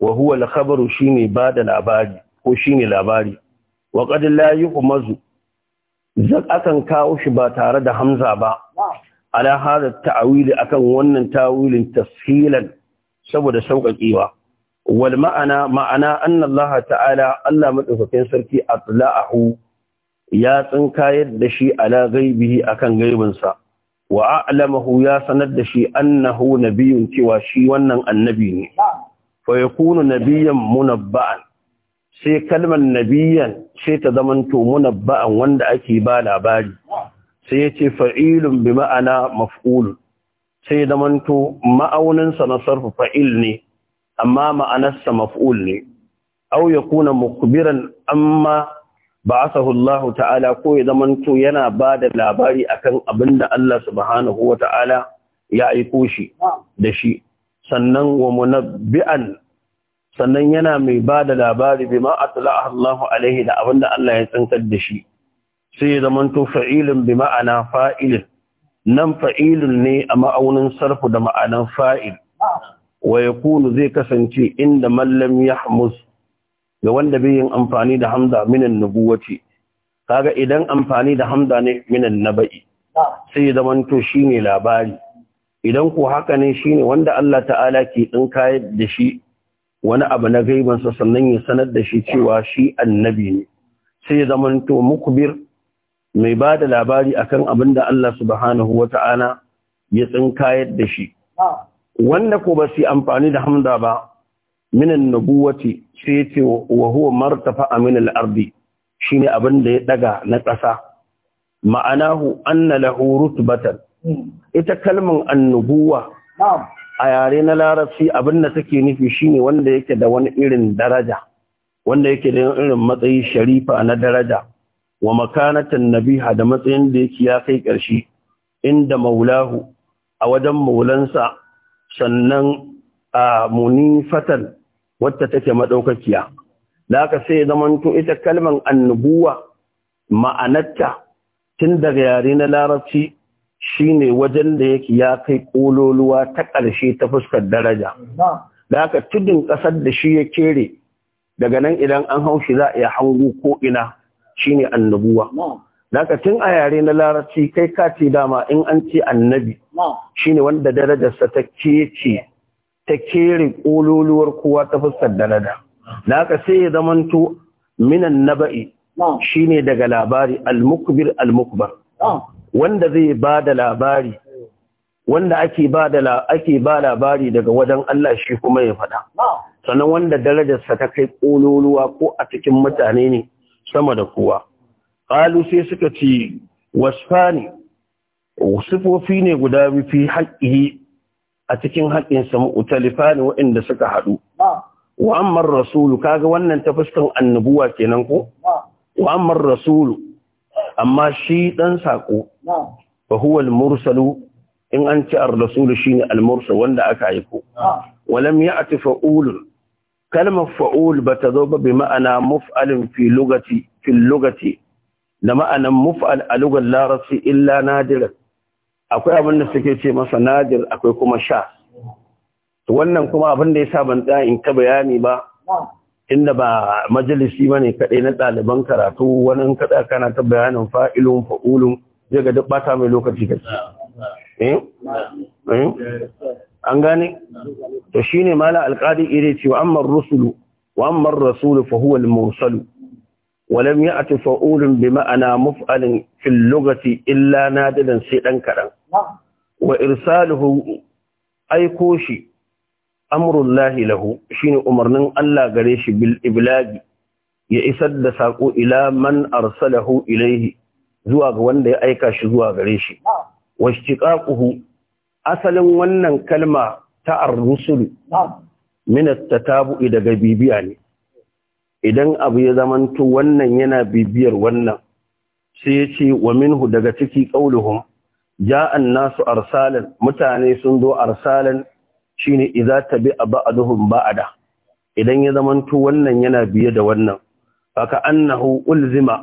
Speaker 2: wa huwa al-khabaru shine bada labari ko shine labari wa qad la yuhmazu zak akan kawo shi ba tare da hamza ba ala hada ta'awili akan wannan tawilin tafsilan saboda sauƙaƙewa wal ma'ana ma'ana anna Allah ta'ala Allah madaukakin sarki atla'ahu ya tsinkayar da shi ala gaibihi akan gaibinsa wa a'lamahu ya sanar da shi annahu nabiyyun cewa shi wannan annabi ne fa yakunu nabiyyan munabba'an sai kalmar nabiyan sai ta zamanto munabba'an wanda ake ba labari sai ya ce fa'ilun bi ma'ana sai zamanto ma'auninsa na sarfa fa'il ne amma ma'anarsa maf'ul ne au ya kuna mukbiran amma ba'athahu Allah ta'ala ko ya zamanto yana ba da labari akan abin da Allah subhanahu wa ta'ala ya aiko shi da shi sannan wa munabbi'an sannan yana mai ba da labari bi ma Allah alaihi da abinda Allah ya tsantar da shi sai zamanto fa'ilin bi ma'ana fa'ilin nan fa'ilin ne a ma'aunin sarfu da ma'anan fa'il wa Kulu zai kasance inda mallam yahmus ga wanda bai yin amfani da hamza minan nubuwati kaga idan amfani da hamza ne minan bai. sai zamanto ne labari idan ko haka ne shine wanda Allah ta'ala ke tsinkaye da shi wani abu na gaibansa sannan ya sanar da shi cewa shi annabi ne sai zamanto mukbir mai ba da labari a kan abin da Allah subhanahu wa ta'ala ya tsinkayar da shi. Wanda ko ba su amfani da hamda ba, minan nubuwati sai ce wa huwa martafa a minan ardi shi ne abin da ya daga na ƙasa. Ma'anahu na lahu Batar. Ita kalman annubuwa a yare na larabci abin da take nufi shine wanda yake da wani irin daraja, wanda yake da irin matsayi sharifa na daraja. wa makanatan nabiha da matsayin da yake ya kai ƙarshe inda maulahu a wajen maulansa sannan a munifatan wadda take madaukakiya da aka sai zamanto ita kalman annubuwa ma'anarta tun daga yare na larabci shine wajen da yake ya kai ƙololuwa ta ƙarshe ta fuskar daraja da aka tudun ƙasar da shi ya kere daga nan idan an hau shi za a iya hango ko ina shine annabuwa Daga tun a yare na larabci kai ka ce dama in an ce annabi shine wanda darajarsa ta kece ta kere kololuwar kowa ta fuskar darada. Daga sai ya zamanto minan naba'i shine daga labari almukbir almukbar wanda zai ba da labari wanda ake ba da ake ba labari daga wajen Allah shi kuma ya faɗa. Sannan wanda darajarsa ta kai kololuwa ko a cikin mutane ne sama da kowa ƙalu sai suka ce wasfani sifofi ne guda rufi haƙƙi a cikin haƙƙin sa mu'talifa ne waɗanda suka haɗu wa ammar rasulu kaga wannan ta fuskan annabuwa kenan ko wa ammar rasulu amma shi ɗan saƙo. fa huwa mursalu in an ci ar-rasulu shine al-mursal wanda aka aiko walam ya'ti fa'ulun kalmar fa'ul ba ta zo ba bi ma'ana muf'alin fi lugati fil lugati da ma'anan muf'al a lugar larasi illa nadir akwai abin da suke ce masa nadir akwai kuma sha wannan kuma abin da ya sa ban tsaya in ta bayani ba inda ba majalisi ne kaɗai na ɗaliban karatu wani in kaɗa kana ta bayanin fa'ilun fa'ulun zai ga duk bata mai lokaci
Speaker 1: gaci an gane to
Speaker 2: shine mala alqadi ire cewa amma rusulu wa amma rasulu fa huwa al-mursalu wa lam ya'ti fa'ulun bi ma'ana muf'alin fil lughati illa nadilan sai dan kadan wa irsaluhu aiko shi amrullahi lahu shine umarnin Allah gare shi bil iblagi ya isar da sako ila man arsalahu ilayhi zuwa ga wanda ya aika shi zuwa gare shi wa ishtiqaquhu asalin wannan kalma ta ar-rusul min at-tatabu'i daga bibiya ne idan abu ya zamanto wannan yana bibiyar wannan sai ya ce wa minhu daga ciki qauluhum ja'an nasu arsalan mutane sun zo arsalan shine idza tabi ba'duhum ba'ada. idan ya zamanto wannan yana biye da wannan aka annahu ulzima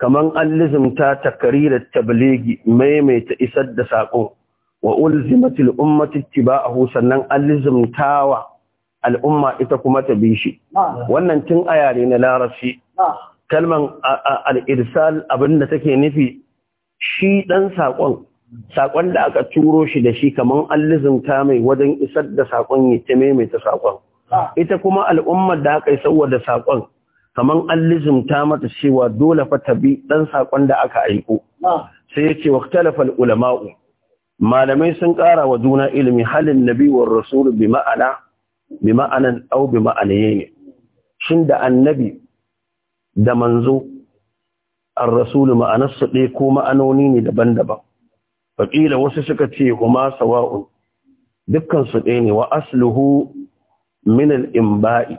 Speaker 2: kaman an lizimta takrirat tablighi maimaita isar da sako wa ulzimatil ummati ittiba'ahu sannan allizumtawa al'umma ita kuma ta bi shi wannan tun a ne na larabci kalman alirsal abin abinda take nufi shi dan sakon sakon da aka turo shi da shi kaman allizumta mai wajen isar da sakon ya ta sakon ita kuma al'ummar da aka yi saboda sakon kaman allizumta mata cewa dole fa ta bi dan sakon da aka aiko sai ya ce waqtalafa ulamau malamai sun ƙara wa juna ilimi halin nabi wa rasul bi ma'ana bi ma'anan au bi ma'anaye shin da annabi da manzo ar rasul ma'anarsu ɗaya ko ma'anoni ne daban-daban faƙila wasu suka ce kuma sawa'un dukkan ɗaya ne wa asluhu min al'imba'i. imbai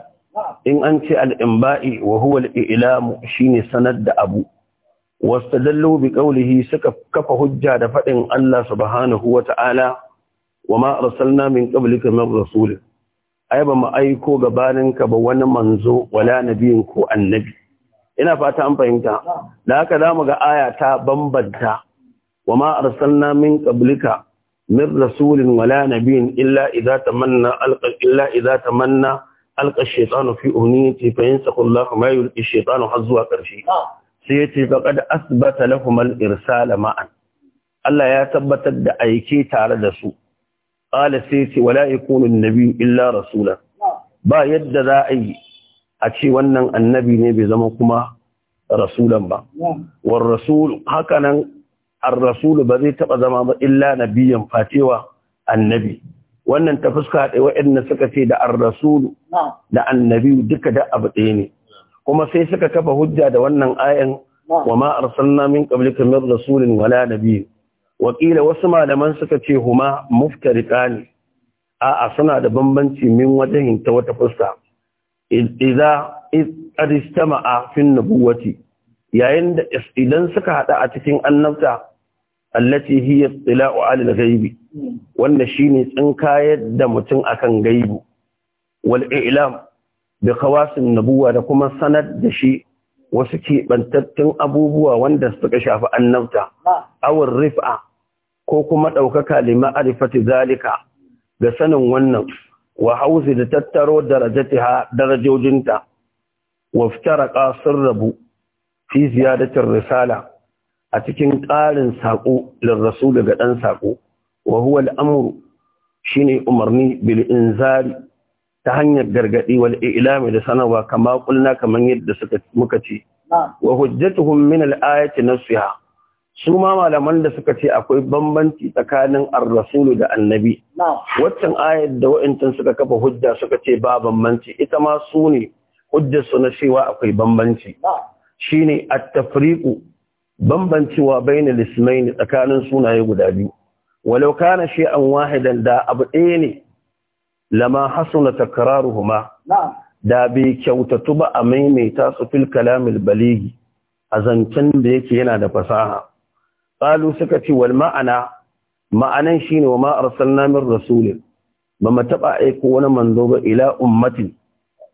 Speaker 2: in an ce al-imba'i wa huwa ilamu shine sanar da abu واستدلوا بقوله سكف كف حجة فإن الله سبحانه وتعالى وما أرسلنا من قبلك من رسول أي بما أيكو manzo بوانا منزو ولا نبيك النبي ina fata an fahimta da haka mu ga aya ta bambanta wama arsalna min qablika min rasulin wala nabiyyin illa idza tamanna alqa illa idza tamanna alqa ash-shaytanu fi umniyati fa yansakhu sai ya ce faƙad asbata lahumar irsala ma'an Allah ya tabbatar da aike tare da su qala sai ce wala yakunu nabi illa rasula ba yadda za a yi a ce wannan annabi ne bai zama kuma rasulan ba war rasul hakanan ar-rasul ba zai taba zama ba illa nabiyan fatewa annabi wannan ta fuska da waɗanda suka ce da ar-rasul da annabi duka da abu ɗaya ne kuma sai suka kafa hujja da wannan ayan wa ma arsalna min qablika min rasulin wala nabiy wakila wasu malaman suka ce huma muftariqani a'a suna da bambanci min wajen ta wata fuska idza qad istama'a fi nubuwati yayin da idan suka hada a cikin annabta allati hiya ittila'u 'ala al-ghaibi wanda shine tsinkayar da mutum akan gaibu wal i'lam da kawasin nabuwa da kuma sanar da shi wasu keɓantattun abubuwa wanda suka shafi annabta, awar rif'a ko kuma ɗaukaka lima zalika ga sanin wannan, wa hauzi da tattaro darajojinta, wa fitara ƙasar rabu fi ziyadatin risala a cikin ƙarin saƙo lirrasu daga ɗan saƙo, wa huwa al'amuru shi ne umarni bil'inzari ta hanyar gargadi wal ilami da sanarwa kama kulna kaman yadda suka muka ce wa hujjatuhum min al ayati nasiha su ma malaman da suka ce akwai bambanci tsakanin ar-rasulu da annabi waccan ayat da wa'intan suka kafa hujja suka ce ba bambanci ita ma su ne hujjar su na cewa akwai bambanci shine at-tafriqu bambancewa bainal ismaini tsakanin sunaye guda biyu walau kana shay'an wahidan da abu ɗaya ne lama hasuna takraruhuma da bai kyautatu ba a maimaita su fil kalamil baligi a zancen da yake yana da fasaha qalu suka ci wal ma'ana ma'anan shine wa ma arsalna min rasulin ba mu taba aiko wani manzo ba ila ummatin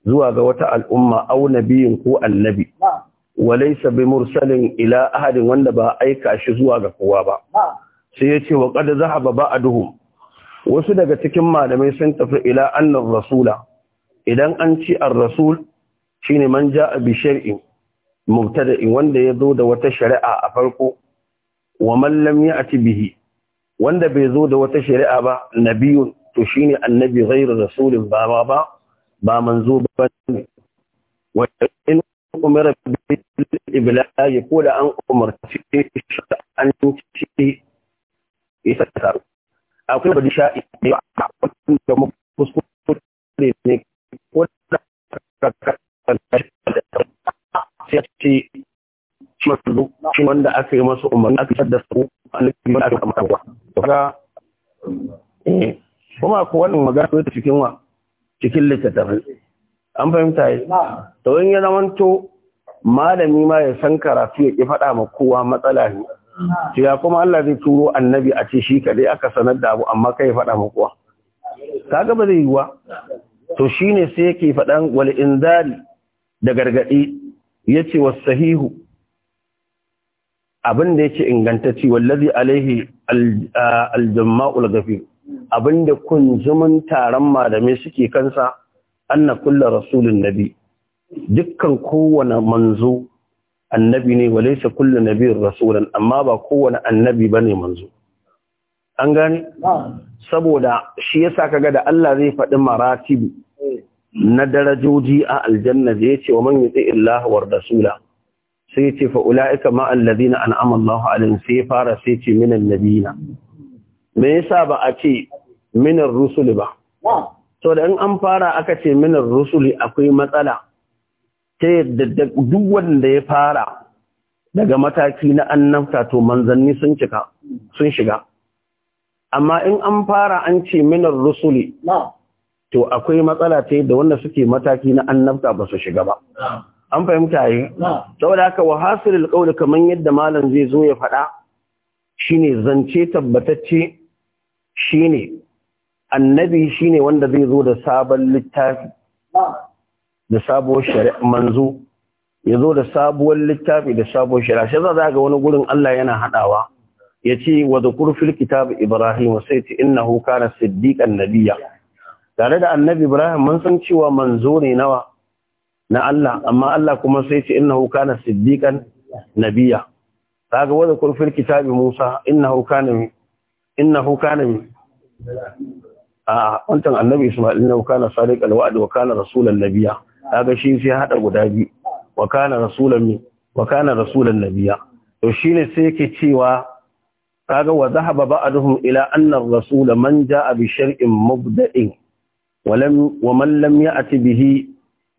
Speaker 2: zuwa ga wata al'umma aw nabiyin ko annabi walaysa bi mursalin ila ahadin wanda ba aika shi zuwa ga kowa ba sai yace wa qad zahaba ba'duhum wasu daga cikin malamai sun tafi ila annar rasula idan an ci ar-rasul shine man ja'a bi shar'in mubtada'in wanda ya zo da wata shari'a a farko wa man lam ya'ti bihi wanda bai zo da wata shari'a ba nabiyyu to shine annabi ghairu rasulin ba ba ba ba manzo ba ne wa in umira bil ibla'i ko da an umarci shi an ci isa akwai bari sha'i ne a kwanci da kuma kuskure ne ko da sai shi wanda aka yi masa umarni aka da su a nufin da aka kamar wa eh, kuma akwai wannan magana ta cikin wa cikin littattafai an fahimta yi to ya zamanto malami ma ya san karatu ya ki faɗa ma kowa matsala ne ya kuma Allah zai turo annabi a ce shi kadai aka sanar da abu amma kai faɗa mu kuwa kaga ba zai yiwa to shine sai yake faɗan wal inzari da gargadi yace was sahihu abin da yake ingantacci wallazi alaihi aljamma'ul ghafir abin da kunzumin taron malamai suke kansa anna kullu rasulun nabi dukkan kowane manzo annabi ne wa kulle kullu nabiyyin rasulan amma ba kowane annabi bane manzo an gane saboda shi yasa kaga da Allah zai faɗi maratib na darajoji a aljanna da yace wa man yuti illahi war rasula sai ce fa ulaika ma alladhina an'ama Allahu alaihim sai fara sai ce minan nabiyina me yasa ba a ce minan rusuli ba to da in an fara aka ce minan rusuli akwai matsala ta yadda duk wanda ya fara daga mataki na annabta to manzanni sun cika sun shiga amma in an fara an ce minar rusuli to akwai matsala ta yadda wanda suke mataki na annabta ba su shiga ba an fahimta yi saboda haka wa hasilul qawl kaman yadda malam zai zo ya faɗa shine zance tabbatacce shine annabi shine wanda zai zo da sabon littafi da sabuwar shari'a manzo ya zo da sabuwar littafi da sabuwar shari'a sai za ga wani gurin Allah yana haɗawa ya ce wa zakur fil kitab ibrahim sai ce innahu kana siddiqan nabiyya tare da annabi ibrahim mun san cewa manzo ne nawa na Allah amma Allah kuma sai ce Inna Hukana, siddiqan nabiyya kaga ga wani fil kitab musa innahu kana innahu kana a wancan annabi isma'il innahu Hukana sadiqal wa'd wa kana rasulan nabiyya kaga shi sai hada guda biyu wa kana rasulan mi wa kana rasulan nabiyya to shine sai yake cewa kaga wa zahaba ba'dhum ila anna ar-rasul man jaa bi shar'in mubda'in wa lam wa man lam ya'ti bihi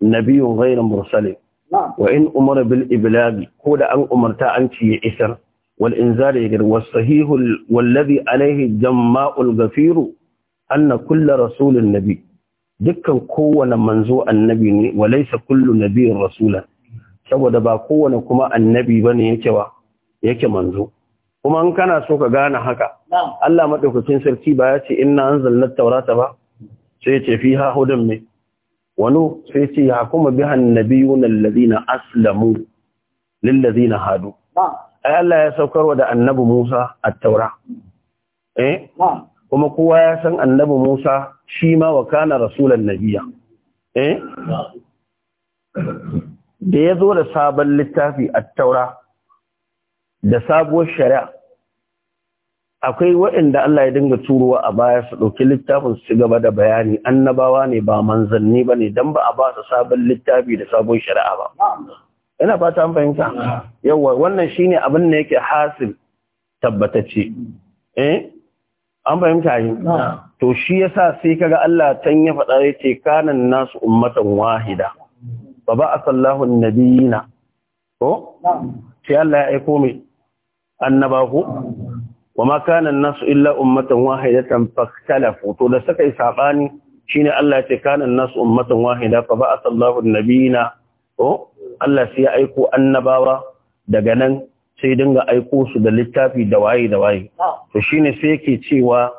Speaker 2: nabiyyun ghayra mursalin wa in umara bil iblagi ko da an umarta an ci isar wal inzar yadir was sahih wallazi alayhi jamma'ul ghafiru anna kullu rasulin nabi. dukkan kowane manzo annabi ne laisa kullu nabiyyin rasulan saboda ba kowane kuma annabi bane yake wa yake manzo kuma in kana so ka gane haka Allah madaukakin sarki ba ya ce inna anzalna taurata ba sai ya ce fiha hudan me Wano sai ya ce ya kuma biha annabiyuna alladhina aslamu lil ladina hadu ai Allah ya saukar wa da annabi Musa at-taura eh kuma kowa ya san annabi Musa shi ma wa kana rasulan nabiya eh? da ya zo da sabon littafi a taura da sabuwar shari'a akwai waɗanda Allah ya dinga turuwa a baya su ɗauki littafin su gaba da bayani annabawa ne ba manzanni ba ne don ba a ba su sabon littafi da sabon shari'a ba ina fata an fahimta yawa wannan shi ne abin da yake hasil tabbatacce eh an fahimta yi to shi yasa sai kaga Allah tan ya faɗa ya ce kanan nasu ummatan wahida wa ba asallahu nabiyina ko sai Allah ya aiko mai annabahu wa ma kana an-nasu illa ummatan wahidatan fakhtalafu to da suka sabani shine Allah ya ce kanan an-nasu ummatan wahida fa ba a Sallahu nabiyina ko Allah sai ya aiko annabawa daga nan sai dinga aiko su da littafi da waye da waye ah. to shine sai yake cewa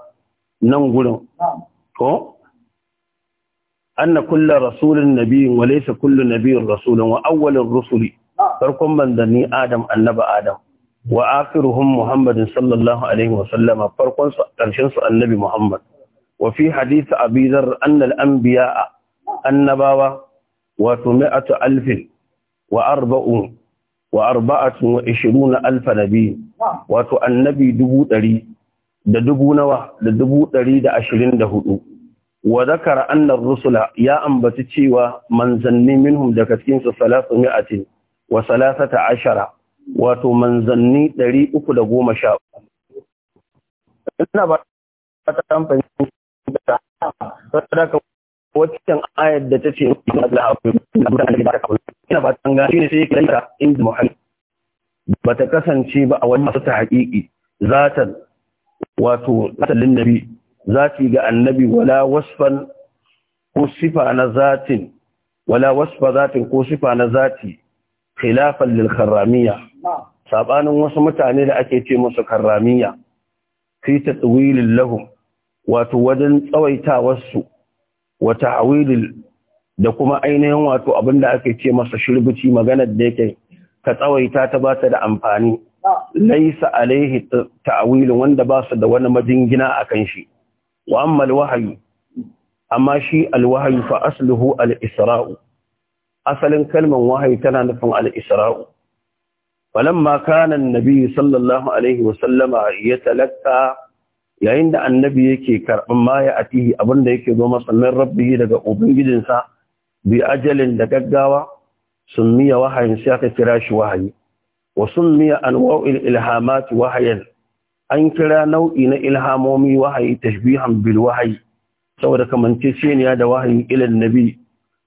Speaker 2: nan gurin ah. ko anna kulla Rasulun nabiyyin wa laysa kullu nabiyyin rasulun wa awwalur rusuli ah. farkon manzanni adam annaba adam wa akhiruhum muhammadin sallallahu alaihi wa sallama farkon su karshen su annabi muhammad wa fi hadith abi dharr anna al annabawa wato mi'atu alfin wa arba'un wa arba'atun wa ishiruna alfa nabi wato annabi dubu ɗari da dubu nawa da dubu ɗari da ashirin da hudu wa zakara annar rusula ya ambaci cewa manzanni minhum daga cikin su salatu mi'atin wa salasata ashara wato manzanni ɗari uku da goma sha ina ba ta kamfani da ta daga waccan ayar da ta ce da Allah akwai da mutane da ta kawo ina ba tanga ne sai in da inda Ba ta kasance ba a wani masu ta haƙiƙi zatan wato asalin nabi zati ga annabi wala wasfan ko sifa na zatin wala wasfa zatin ko sifa na zati khilafan lil kharramiyya sabanin wasu mutane da ake ce musu karramiya fi tatwilin lahum wato wajen wasu, wa ta'wilil da kuma ainihin wato abin da ake ce masa shirbici maganar da yake ka tsawaita ta ba da amfani laisa alaihi ta'awilin wanda ba su da wani majingina a kan shi wa amma alwahayi amma shi alwahayi fa asluhu al-isra'u asalin kalmar wahayi tana nufin al-isra'u falamma kana annabi sallallahu alaihi wa sallama yatalaqqa yayin da annabi yake karban maya atihi abinda yake zo masa min rabbihi daga ubangijinsa bi ajalin da gaggawa sunniya wahayin sai aka kira shi wahayi wa sunniya anwa'il ilhamat wahayan an kira nau'i na ilhamomi wahayi tashbihan bil wahayi saboda kamanceceniya da wahayi ilan nabi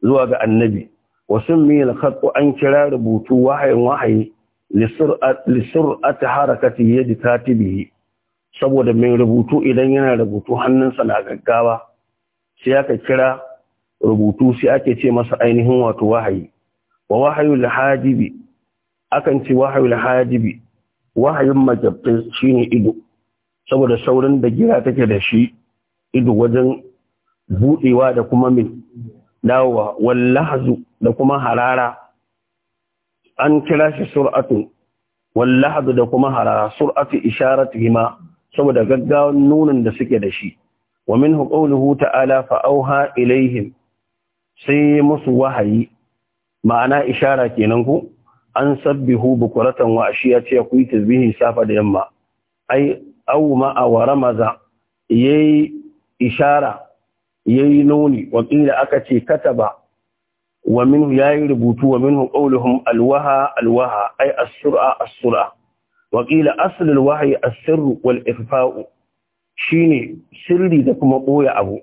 Speaker 2: zuwa ga annabi wa sunniya al-khat an kira rubutu wahayin wahayi lisur'ati harakati yadi katibihi saboda mai rubutu idan yana rubutu hannunsa na gaggawa sai aka kira rubutu sai ake ce masa ainihin wato wahayi wa wahayul hajibi akan ce wahayul hajibi wahayin majabtin shine ido saboda saurin da gira take da shi ido wajen buɗewa da kuma min dawowa wallahazu da kuma harara an kira shi sur'atu wallahazu da kuma harara sur'atu hima saboda gaggawan nunin da suke da shi wa minhu qawluhu ta'ala fa auha ilaihim sai musu wahayi ma'ana ishara kenan ku an sabbihu bukuratan wa ashiya ce ku yi tasbihi safa da yamma ai aw ma maza yayi ishara yayi nuni wa kila aka ce kataba wa minhu yayi rubutu wa minhu qawluhum alwaha alwaha ai as-sur'a as-sur'a wa kila asl alwahyi as-sirr wal ikhfa'u shine sirri da kuma boye abu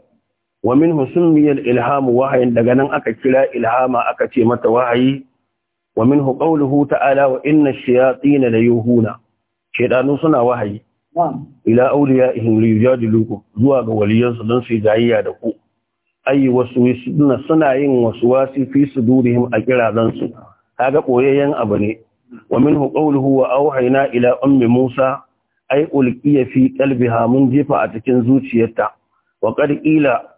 Speaker 2: wa minhu summiya al-ilham wahayin daga nan aka kira ilhama aka ce mata wahayi wa minhu qawluhu ta'ala wa inna ash-shayatin la yuhuna shedanu suna wahayi ila awliyaihim liyujadilukum zuwa ga waliyansu don su jayayya da ku ayi wasu suna yin wasu wasi fi sudurihim a kirazan su kaga koyayyen abu ne wa minhu qawluhu wa awhayna ila ummi musa ay ulqiya fi qalbiha mun jifa a cikin zuciyarta wa qad ila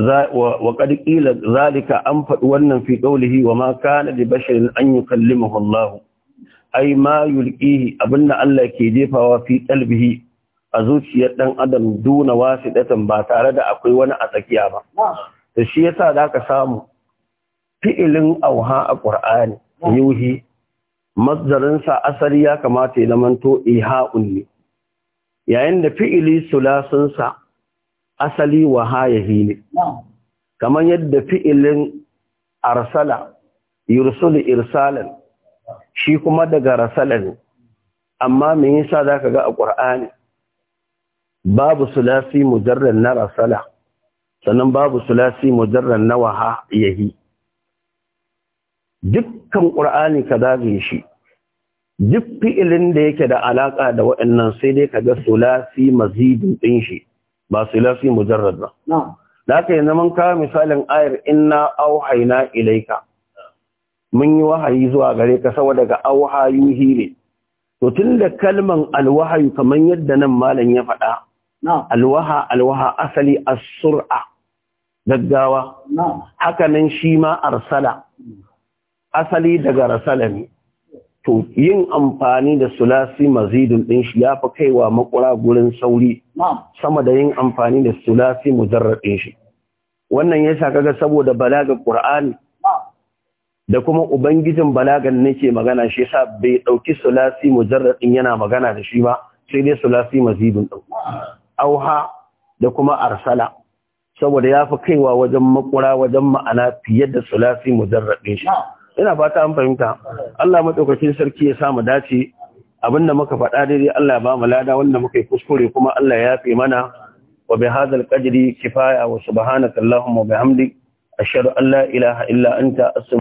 Speaker 2: wa qad qila zalika an faɗi wannan fi qawlihi wa ma kana li basharin an yukallimahu Allah ai ma yulqihi abinda Allah ke jefawa fi qalbihi a zuciyar dan adam duna wasidatan ba tare da akwai wani a tsakiya ba to shi yasa zaka samu fi'ilin auha a Qur'ani yuhi mazdarinsa asali ya kamata ya zamanto iha'un ne yayin da fi'ili sulasunsa asali wa hayahi ne kamar yadda fi'ilin arsala yursulu irsalan shi kuma daga rasala ne amma me yasa zaka ga a qur'ani babu sulasi mujarrad na rasala sannan babu sulasi mujarrad na waha yahi dukkan qur'ani kaza shi duk fi'ilin da yake da alaka da waɗannan sai dai kaga sulasi mazidin din shi ba silasi mujarrad ba da haka yanzu mun kawo misalin ayar inna auhayna ilaika mun yi wahayi zuwa gare ka saboda ga auhayu hire to tunda kalman alwahayu kaman yadda nan malam ya faɗa alwaha alwaha asali a sura gaggawa haka nan shi ma arsala asali daga rasala ne to yin amfani da sulasi mazidun din shi ya fi kaiwa makura gurin sauri sama da yin amfani da sulasi mujarrad din shi wannan yasa kaga saboda balaga qur'ani da kuma ubangijin balagan nake magana shi yasa bai dauki sulasi mujarrad din yana magana da shi ba sai dai sulasi mazidun din auha da kuma arsala saboda ya fi kaiwa wajen makura wajen ma'ana fiye da sulasi mujarrad din shi ina fata an fahimta Allah madaukakin sarki ya sa mu dace abinda muka faɗa daidai Allah ya ba mu lada wanda muka yi kuskure kuma Allah ya yafe mana wa bi hadzal qadri kifaya wa subhanaka allahumma wa bihamdik ashhadu an la ilaha illa anta